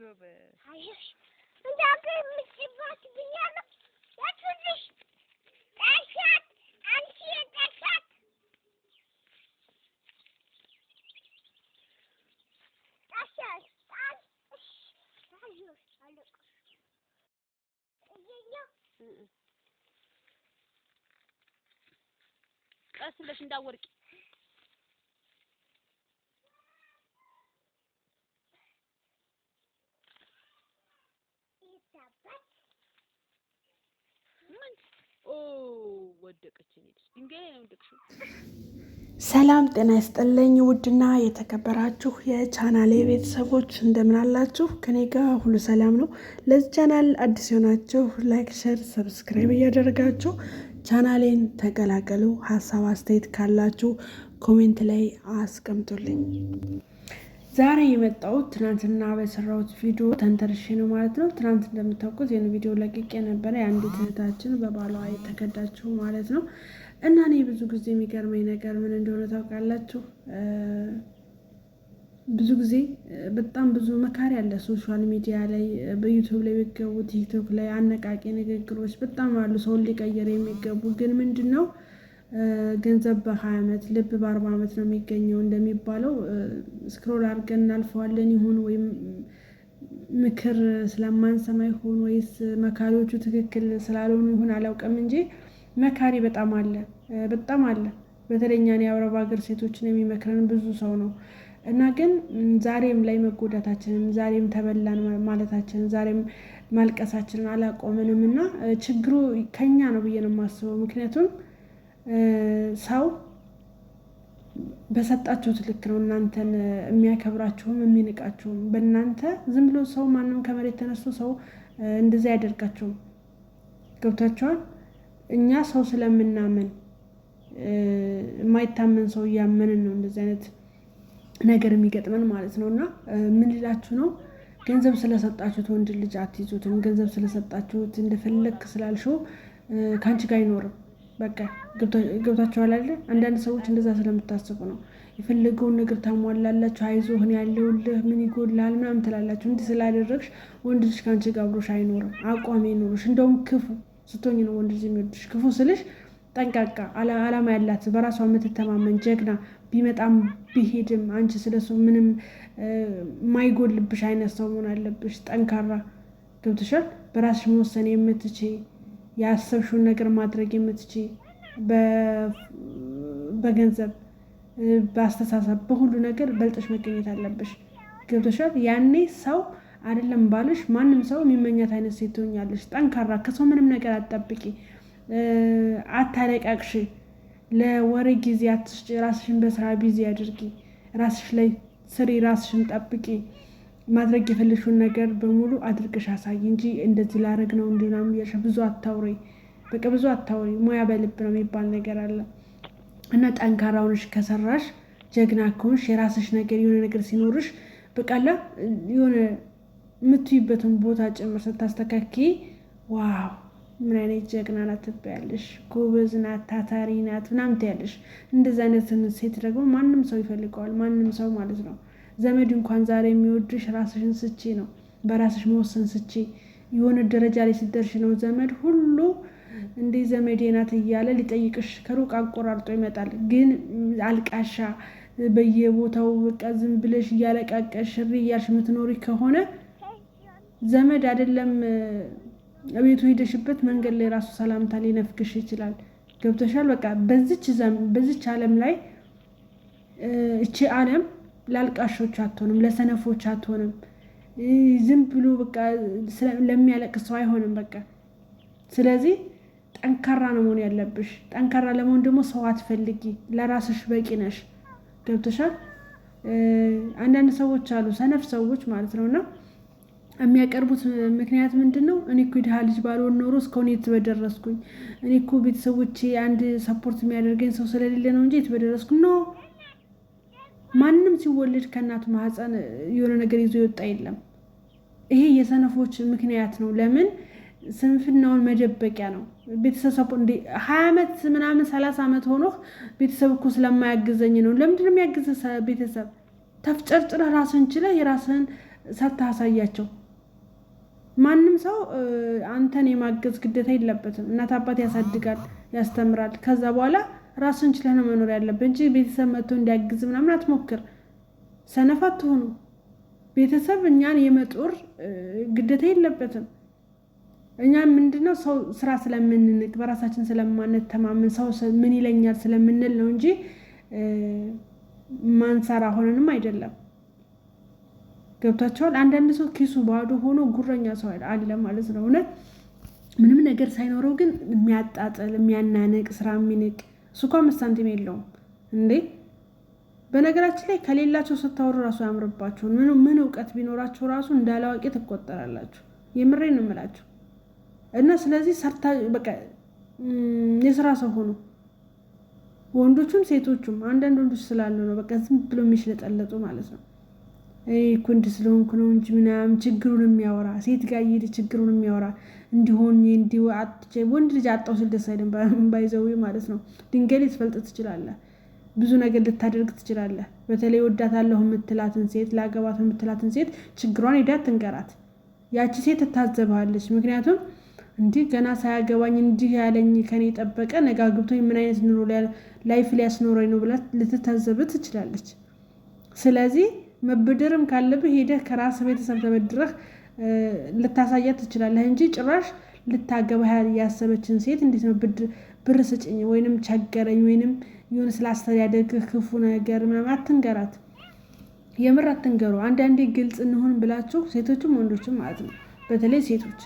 Rubbish. ቀስ ብለሽ እንዳወርቂ ምን ኦ ወደቀች። እኔ ድንጋይ ነው ወደቅሽው። ሰላም ጤና ይስጥልኝ። ውድና የተከበራችሁ የቻናሌ ቤተሰቦች እንደምን አላችሁ? ከኔ ጋር ሁሉ ሰላም ነው። ለዚህ ቻናል አዲስ የሆናችሁ ላይክ፣ ሸር፣ ሰብስክራይብ እያደረጋችሁ ቻናሌን ተቀላቀሉ። ሀሳብ አስተያየት ካላችሁ ኮሜንት ላይ አስቀምጡልኝ። ዛሬ የመጣሁት ትናንትና በሰራሁት ቪዲዮ ተንተርሼ ነው ማለት ነው። ትናንት እንደምታውቁት ይህን ቪዲዮ ለቅቄ ነበረ። የአንዲት እህታችን በባሏ የተከዳችው ማለት ነው እና እኔ ብዙ ጊዜ የሚገርመኝ ነገር ምን እንደሆነ ታውቃላችሁ? ብዙ ጊዜ በጣም ብዙ መካሪ አለ ሶሻል ሚዲያ ላይ፣ በዩቱብ ላይ የሚገቡ ቲክቶክ ላይ አነቃቂ ንግግሮች በጣም አሉ፣ ሰውን ሊቀየር የሚገቡ ግን ምንድን ነው ገንዘብ በሀያ ዓመት ልብ በአርባ ዓመት ነው የሚገኘው እንደሚባለው ስክሮል አድርገን እናልፈዋለን ይሁን ወይም ምክር ስለማንሰማ ይሆን ወይስ መካሪዎቹ ትክክል ስላልሆኑ ይሆን አላውቅም እንጂ መካሪ በጣም አለ በጣም አለ። በተለይ እኛን የአረብ ሀገር ሴቶችን የሚመክረን ብዙ ሰው ነው እና ግን ዛሬም ላይ መጎዳታችንን ዛሬም ተበላን ማለታችንን ዛሬም ማልቀሳችንን አላቆምንም እና ችግሩ ከኛ ነው ብዬ ነው የማስበው። ምክንያቱም ሰው በሰጣችሁት ልክ ነው እናንተን የሚያከብራችሁም የሚንቃችሁም። በእናንተ ዝም ብሎ ሰው ማንም ከመሬት ተነስቶ ሰው እንደዚያ አያደርጋቸውም ገብታችኋል? እኛ ሰው ስለምናምን የማይታመን ሰው እያመንን ነው እንደዚህ አይነት ነገር የሚገጥመን ማለት ነው። እና ምን ልላችሁ ነው፣ ገንዘብ ስለሰጣችሁት ወንድ ልጅ አትይዙትም። ገንዘብ ስለሰጣችሁት እንደፈለግ ስላልሽው ከአንቺ ጋር አይኖርም። በቃ ገብታችኋል አይደል? አንዳንድ ሰዎች እንደዛ ስለምታስቡ ነው የፈለገውን ነገር ታሟላላችሁ። አይዞህን ያለውልህ ምን ይጎልሃል ምናምን ትላላችሁ። እንዲህ ስላደረግሽ ወንድ ልጅ ከአንቺ ጋር አብሮሽ አይኖርም። አቋም ይኖሮሽ እንደውም ክፉ ስትሆኝ ነው ወንድ ልጅ የሚወድሽ። ክፉ ስልሽ ጠንቃቃ፣ አላማ ያላት፣ በራሷ የምትተማመን ጀግና፣ ቢመጣም ቢሄድም አንቺ ስለሱ ምንም ማይጎልብሽ አይነት ሰው መሆን አለብሽ። ጠንካራ ገብትሻል። በራስሽ መወሰን የምትች ያሰብሽውን ነገር ማድረግ የምትች በገንዘብ በአስተሳሰብ፣ በሁሉ ነገር በልጠሽ መገኘት አለብሽ። ገብቶሻል። ያኔ ሰው አይደለም ባልሽ ማንም ሰው የሚመኛት አይነት ሴት ትሆኛለሽ። ጠንካራ፣ ከሰው ምንም ነገር አትጠብቂ፣ አታለቃቅሽ፣ ለወሬ ጊዜ አትስጭ። ራስሽን በስራ ቢዚ አድርጊ፣ ራስሽ ላይ ስሪ፣ ራስሽን ጠብቂ። ማድረግ የፈለግሽውን ነገር በሙሉ አድርግሽ አሳይ እንጂ እንደዚህ ላረግ ነው እንዲናም እያልሽ ብዙ አታውሪ። በቃ ብዙ አታውሪ። ሙያ በልብ ነው የሚባል ነገር አለ እና ጠንካራ ሆነሽ ከሰራሽ፣ ጀግና ከሆንሽ፣ የራስሽ ነገር የሆነ ነገር ሲኖርሽ በቃላ የሆነ የምትይበትን ቦታ ጭምር ስታስተካኪ ዋው ምን አይነት ጀግና ናት ትባያለሽ፣ ጎበዝ ናት፣ ታታሪ ናት ምናምን ትያለሽ። እንደዚ አይነት ሴት ደግሞ ማንም ሰው ይፈልገዋል። ማንም ሰው ማለት ነው። ዘመድ እንኳን ዛሬ የሚወድሽ ራስሽን ስቼ ነው፣ በራስሽ መወሰን ስቼ የሆነ ደረጃ ላይ ስትደርሽ ነው ዘመድ ሁሉ እንዴ ዘመዴ ናት እያለ ሊጠይቅሽ ከሩቅ አቆራርጦ ይመጣል። ግን አልቃሻ በየቦታው በቃ ዝም ብለሽ እያለቃቀሽ እሪ እያልሽ የምትኖሪ ከሆነ ዘመድ አይደለም ቤቱ ሄደሽበት መንገድ ላይ ራሱ ሰላምታ ሊነፍግሽ ይችላል። ገብቶሻል? በቃ በዚች ዓለም ላይ እቺ ዓለም ላልቃሾች አትሆንም፣ ለሰነፎች አትሆንም። ዝም ብሎ በቃ ለሚያለቅስ ሰው አይሆንም። በቃ ስለዚህ ጠንካራ ነው መሆን ያለብሽ። ጠንካራ ለመሆን ደግሞ ሰው አትፈልጊ፣ ለራስሽ በቂ ነሽ። ገብቶሻል? አንዳንድ ሰዎች አሉ ሰነፍ ሰዎች ማለት ነው እና የሚያቀርቡት ምክንያት ምንድን ነው? እኔ እኮ ድሃ ልጅ ባልሆን ኖሮ እስካሁን የት በደረስኩኝ። እኔ እኮ ቤተሰቦቼ አንድ ሰፖርት የሚያደርገኝ ሰው ስለሌለ ነው እንጂ የት በደረስኩ ማንም ሲወለድ ከእናቱ ማህፀን የሆነ ነገር ይዞ ይወጣ የለም። ይሄ የሰነፎች ምክንያት ነው። ለምን ስንፍናውን መደበቂያ ነው። ቤተሰብ እንደ ሀያ ዓመት ምናምን ሰላሳ ዓመት ሆኖ ቤተሰብ እኮ ስለማያግዘኝ ነው። ነው የሚያግዝ ቤተሰብ? ተፍጨርጭረህ ራስን ችለህ የራስህን ሰርተህ አሳያቸው። ማንም ሰው አንተን የማገዝ ግዴታ የለበትም። እናት አባት ያሳድጋል፣ ያስተምራል። ከዛ በኋላ ራስን ችለህ ነው መኖር ያለብህ እንጂ ቤተሰብ መጥቶ እንዲያግዝ ምናምን አትሞክር። ሰነፋ ትሆኑ። ቤተሰብ እኛን የመጦር ግዴታ የለበትም። እኛ ምንድነው ሰው ስራ ስለምንንቅ በራሳችን ተማምን ሰው ምን ይለኛል ስለምንል ነው እንጂ ማንሰራ ሆነንም አይደለም። ገብታቸዋል። አንዳንድ ሰው ኪሱ ባዶ ሆኖ ጉረኛ ሰው አለ ማለት ነው። እውነት ምንም ነገር ሳይኖረው ግን የሚያጣጥል የሚያናንቅ ስራ የሚንቅ እሱ እኮ አምስት ሳንቲም የለውም እንዴ! በነገራችን ላይ ከሌላቸው ስታወሩ ራሱ ያምርባቸው ምን እውቀት ቢኖራቸው ራሱ እንዳላዋቂ ትቆጠራላችሁ። የምሬ እንምላቸው እና ስለዚህ ሰርታ በቃ የስራ ሰው ሆኖ ወንዶቹም ሴቶቹም አንዳንድ ወንዶች ስላሉ ነው በቃ ዝም ብሎ የሚሽለጠለጡ ማለት ነው። ኩንድ ስለሆንኩ ነው እንጂ ምናምን ችግሩን የሚያወራ ሴት ጋር እየሄደ ችግሩን የሚያወራ እንዲሆን እንዲ ወንድ ልጅ አጣው ስል ደስ አይልም። ባይዘዊ ማለት ነው። ድንጋይ ልትፈልጥ ትችላለህ። ብዙ ነገር ልታደርግ ትችላለህ። በተለይ ወዳታለሁ የምትላትን ሴት ለአገባት የምትላትን ሴት ችግሯን ሄዳ ትንገራት። ያቺ ሴት ታዘባለች ምክንያቱም እንዲህ ገና ሳያገባኝ እንዲህ ያለኝ ከኔ ጠበቀ ነጋ ግብቶ ምን አይነት ኑሮ ላይፍ ሊያስኖረኝ ነው ብላ ልትታዘብ ትችላለች። ስለዚህ መብደርም ካለብህ ሄደህ ከራስ ቤተሰብ ተበድረህ ልታሳያት ትችላለህ እንጂ ጭራሽ ልታገባህ ያሰበችን ሴት እንዴት ነው ብር ስጭኝ ወይንም ቸገረኝ ወይንም ይሁን ስላስተዳደግህ ክፉ ነገር ምናምን አትንገራት። የምር አትንገሩ። አንዳንዴ ግልጽ እንሆን ብላችሁ ሴቶችም ወንዶችም ማለት ነው፣ በተለይ ሴቶች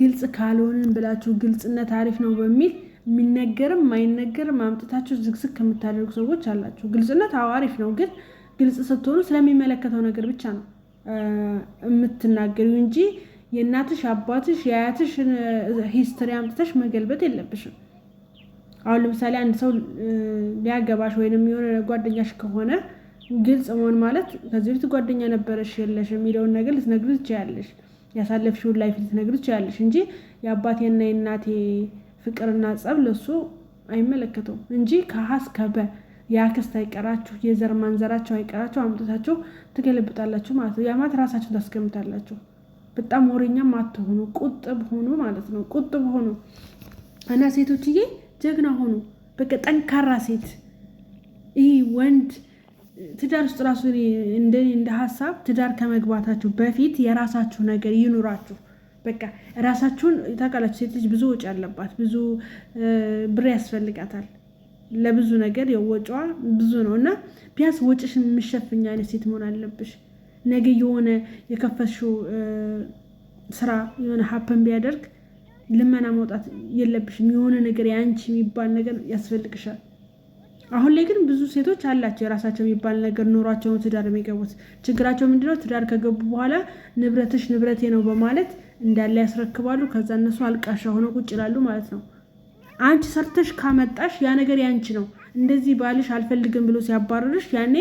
ግልጽ ካልሆንን ብላችሁ ግልጽነት አሪፍ ነው በሚል የሚነገርም ማይነገርም አምጥታችሁ ዝግዝግ ከምታደርጉ ሰዎች አላችሁ። ግልጽነት አዋሪፍ ነው ግን ግልጽ ስትሆኑ ስለሚመለከተው ነገር ብቻ ነው የምትናገሪው እንጂ የእናትሽ አባትሽ የአያትሽ ሂስትሪ አምጥተሽ መገልበጥ የለብሽም። አሁን ለምሳሌ አንድ ሰው ሊያገባሽ ወይንም የሆነ ጓደኛሽ ከሆነ ግልጽ መሆን ማለት ከዚህ በፊት ጓደኛ ነበረሽ የለሽ የሚለውን ነገር ልትነግሩ ትችያለሽ። ያሳለፍሽውን ላይፍ ልትነግሩ ትችያለሽ እንጂ የአባቴና የእናቴ ፍቅርና ጸብ ለሱ አይመለከተውም እንጂ ከሀስ እስከ የአክስት አይቀራችሁ የዘር ማንዘራቸው አይቀራችሁ አምጥታችሁ ትገለብጣላችሁ ማለት ነው። ያ ማለት ራሳችሁን ታስገምታላችሁ። በጣም ወሬኛም አትሆኑ፣ ቁጥብ ሆኑ ማለት ነው። ቁጥብ ሆኑ እና ሴቶችዬ ጀግና ሆኑ። በቃ ጠንካራ ሴት። ይህ ወንድ ትዳር ውስጥ ራሱ እንደ ሀሳብ ትዳር ከመግባታችሁ በፊት የራሳችሁ ነገር ይኑራችሁ። በቃ ራሳችሁን ታውቃላችሁ። ሴት ልጅ ብዙ ወጪ አለባት፣ ብዙ ብር ያስፈልጋታል። ለብዙ ነገር የወጪዋ ብዙ ነው እና ቢያንስ ወጭሽ የምሸፍኝ አይነት ሴት መሆን አለብሽ። ነገ የሆነ የከፈትሽው ስራ የሆነ ሀፕን ቢያደርግ ልመና መውጣት የለብሽም። የሆነ ነገር የአንቺ የሚባል ነገር ያስፈልግሻል። አሁን ላይ ግን ብዙ ሴቶች አላቸው የራሳቸው የሚባል ነገር ኖሯቸውን ትዳር የሚገቡት። ችግራቸው ምንድነው? ትዳር ከገቡ በኋላ ንብረትሽ ንብረቴ ነው በማለት እንዳለ ያስረክባሉ። ከዛ እነሱ አልቃሻ ሆነው ቁጭ ይላሉ ማለት ነው። አንቺ ሰርተሽ ካመጣሽ ያ ነገር ያንቺ ነው። እንደዚህ ባልሽ አልፈልግም ብሎ ሲያባረርሽ ያኔ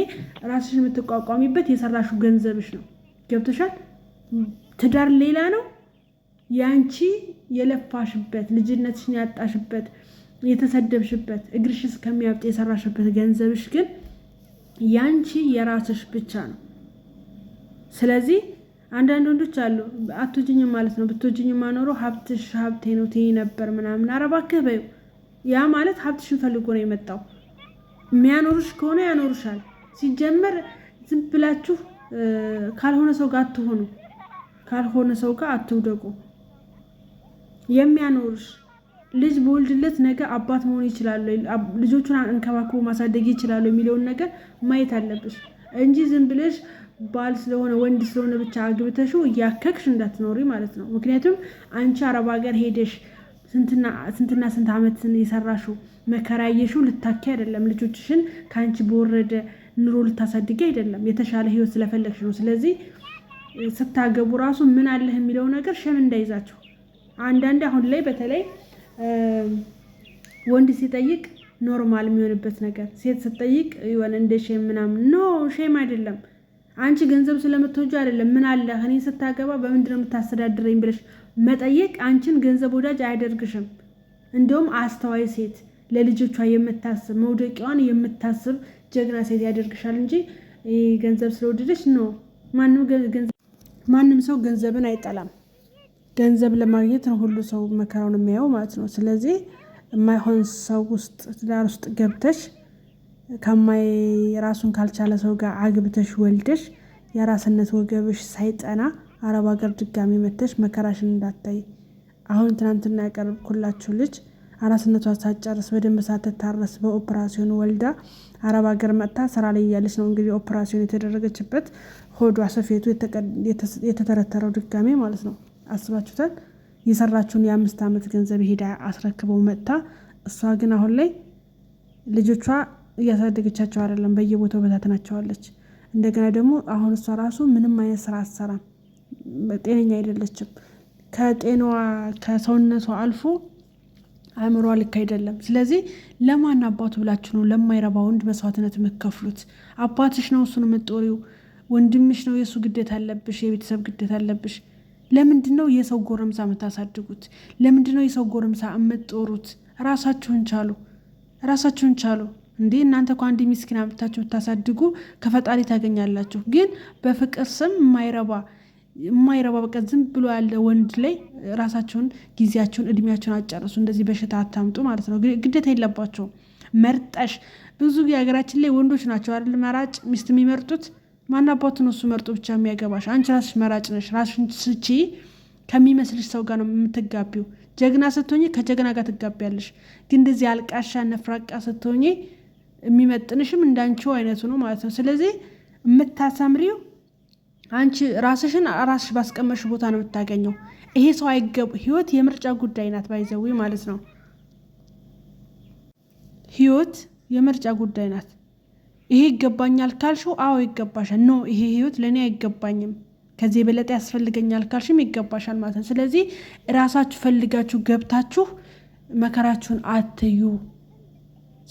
ራስሽ የምትቋቋሚበት የሰራሹ ገንዘብሽ ነው። ገብተሻል። ትዳር ሌላ ነው። ያንቺ የለፋሽበት ልጅነትሽን ያጣሽበት የተሰደብሽበት እግርሽ እስከሚያብጥ የሰራሽበት ገንዘብሽ ግን ያንቺ የራስሽ ብቻ ነው። ስለዚህ አንዳንድ ወንዶች አሉ አትወጂኝም ማለት ነው። ብትወጂኝም ማኖሮ ሀብትሽ ሀብቴ ነው ትይ ነበር ምናምን። ኧረ እባክህ በይው። ያ ማለት ሀብትሽን ፈልጎ ነው የመጣው። የሚያኖሩሽ ከሆነ ያኖሩሻል። ሲጀመር ዝም ብላችሁ ካልሆነ ሰው ጋር አትሆኑ፣ ካልሆነ ሰው ጋር አትውደቁ። የሚያኖሩሽ ልጅ በወልድለት ነገ አባት መሆን ይችላሉ፣ ልጆቹን እንከባክቦ ማሳደግ ይችላሉ የሚለውን ነገር ማየት አለብሽ እንጂ ዝም ብለሽ ባል ስለሆነ ወንድ ስለሆነ ብቻ አግብተሽው እያከክሽ እንዳትኖሪ ማለት ነው። ምክንያቱም አንቺ አረብ ሀገር ሄደሽ ስንትና ስንት ዓመትን የሰራሹ መከራ ያየሽው ልታኪ አይደለም። ልጆችሽን ከአንቺ በወረደ ኑሮ ልታሳድጊ አይደለም። የተሻለ ህይወት ስለፈለግሽ ነው። ስለዚህ ስታገቡ ራሱ ምን አለህ የሚለው ነገር ሸም እንዳይዛቸው። አንዳንድ አሁን ላይ በተለይ ወንድ ሲጠይቅ ኖርማል የሚሆንበት ነገር ሴት ስትጠይቅ ይሆን እንደ ሼም ምናምን ኖ ሼም አይደለም አንቺ ገንዘብ ስለምትወጁ አይደለም ምን አለ እኔ ስታገባ በምንድነው የምታስተዳድረኝ ብለሽ መጠየቅ አንቺን ገንዘብ ወዳጅ አያደርግሽም። እንደውም አስተዋይ ሴት ለልጆቿ የምታስብ መውደቂዋን የምታስብ ጀግና ሴት ያደርግሻል እንጂ ገንዘብ ስለወደደች ነው። ማንም ሰው ገንዘብን አይጠላም። ገንዘብ ለማግኘት ነው ሁሉ ሰው መከራውን የሚያየው ማለት ነው። ስለዚህ የማይሆን ሰው ውስጥ ትዳር ውስጥ ገብተሽ ከማይ ራሱን ካልቻለ ሰው ጋር አግብተሽ ወልደሽ የራስነት ወገብሽ ሳይጠና አረብ ሀገር ድጋሚ መተሽ መከራሽን እንዳታይ። አሁን ትናንትና ያቀረብኩላችሁ ልጅ አራስነቷ ሳትጨርስ በደንብ ሳትታረስ በኦፕራሲዮን ወልዳ አረብ ሀገር መጥታ ስራ ላይ እያለች ነው እንግዲህ ኦፕራሲዮን የተደረገችበት ሆዷ ሰፌቱ የተተረተረው ድጋሜ ማለት ነው። አስባችሁታል? የሰራችውን የአምስት ዓመት ገንዘብ ሄዳ አስረክበው መጥታ እሷ ግን አሁን ላይ ልጆቿ እያሳደገቻቸው አይደለም፣ በየቦታው በታትናቸዋለች። እንደገና ደግሞ አሁን እሷ ራሱ ምንም አይነት ስራ አትሰራም፣ ጤነኛ አይደለችም። ከጤናዋ ከሰውነቷ አልፎ አእምሯ ልክ አይደለም። ስለዚህ ለማን አባቱ ብላችሁ ነው ለማይረባ ወንድ መስዋዕትነት የምትከፍሉት? አባትሽ ነው እሱን የምትጦሪው፣ ወንድምሽ ነው የእሱ ግዴታ አለብሽ፣ የቤተሰብ ግዴታ አለብሽ። ለምንድን ነው የሰው ጎረምሳ የምታሳድጉት? ለምንድን ነው የሰው ጎረምሳ የምትጦሩት? ራሳችሁን ቻሉ፣ ራሳችሁን ቻሉ። እንዴ እናንተ እኮ አንድ ምስኪን አምጥታችሁ ብታሳድጉ ከፈጣሪ ታገኛላችሁ። ግን በፍቅር ስም የማይረባ የማይረባ በቃ ዝም ብሎ ያለ ወንድ ላይ ራሳቸውን፣ ጊዜያቸውን፣ እድሜያቸውን አጨርሱ። እንደዚህ በሽታ አታምጡ ማለት ነው። ግዴታ የለባቸውም መርጠሽ ብዙ የሀገራችን ላይ ወንዶች ናቸው አይደል መራጭ ሚስት የሚመርጡት ማናባቱን እሱ መርጦ ብቻ የሚያገባሽ አንቺ ራስሽ መራጭ ነሽ። ራስሽን ስቺ ከሚመስልሽ ሰው ጋር ነው የምትጋቢው። ጀግና ስትሆኝ ከጀግና ጋር ትጋቢያለሽ። ግን እንደዚህ አልቃሻ ነፍራቃ ስትሆኝ የሚመጥንሽም እንዳንቺው አይነቱ ነው ማለት ነው። ስለዚህ የምታሰምሪው አንቺ ራስሽን ራስሽ ባስቀመሽ ቦታ ነው የምታገኘው። ይሄ ሰው አይገቡ ህይወት የምርጫ ጉዳይ ናት ባይዘዊ ማለት ነው። ህይወት የምርጫ ጉዳይ ናት። ይሄ ይገባኛል ካልሽው፣ አዎ ይገባሻል። ኖ ይሄ ህይወት ለእኔ አይገባኝም ከዚህ የበለጠ ያስፈልገኛል ካልሽም ይገባሻል ማለት ነው። ስለዚህ ራሳችሁ ፈልጋችሁ ገብታችሁ መከራችሁን አትዩ።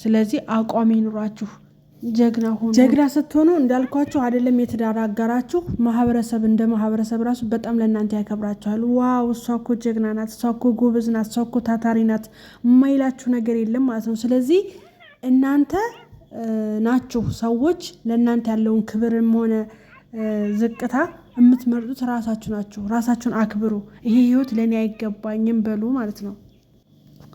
ስለዚህ አቋም ይኑራችሁ። ጀግና ሆኖ ጀግና ስትሆኑ እንዳልኳችሁ አይደለም የትዳር አጋራችሁ ማህበረሰብ እንደ ማህበረሰብ ራሱ በጣም ለእናንተ ያከብራችኋል። ዋው እሷ እኮ ጀግና ናት፣ እሷ እኮ ጎበዝ ናት፣ እሷ እኮ ታታሪ ናት የማይላችሁ ነገር የለም ማለት ነው። ስለዚህ እናንተ ናችሁ ሰዎች ለእናንተ ያለውን ክብርም ሆነ ዝቅታ የምትመርጡት ራሳችሁ ናችሁ። ራሳችሁን አክብሩ። ይሄ ህይወት ለእኔ አይገባኝም በሉ ማለት ነው።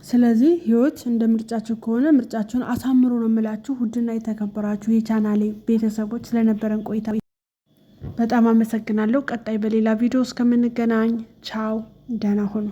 ስለዚህ ህይወት እንደ ምርጫችሁ ከሆነ ምርጫችሁን አሳምሩ ነው የምላችሁ። ውድና የተከበራችሁ የቻናሌ ቤተሰቦች ስለነበረን ቆይታ በጣም አመሰግናለሁ። ቀጣይ በሌላ ቪዲዮ እስከምንገናኝ ቻው፣ ደህና ሁኑ።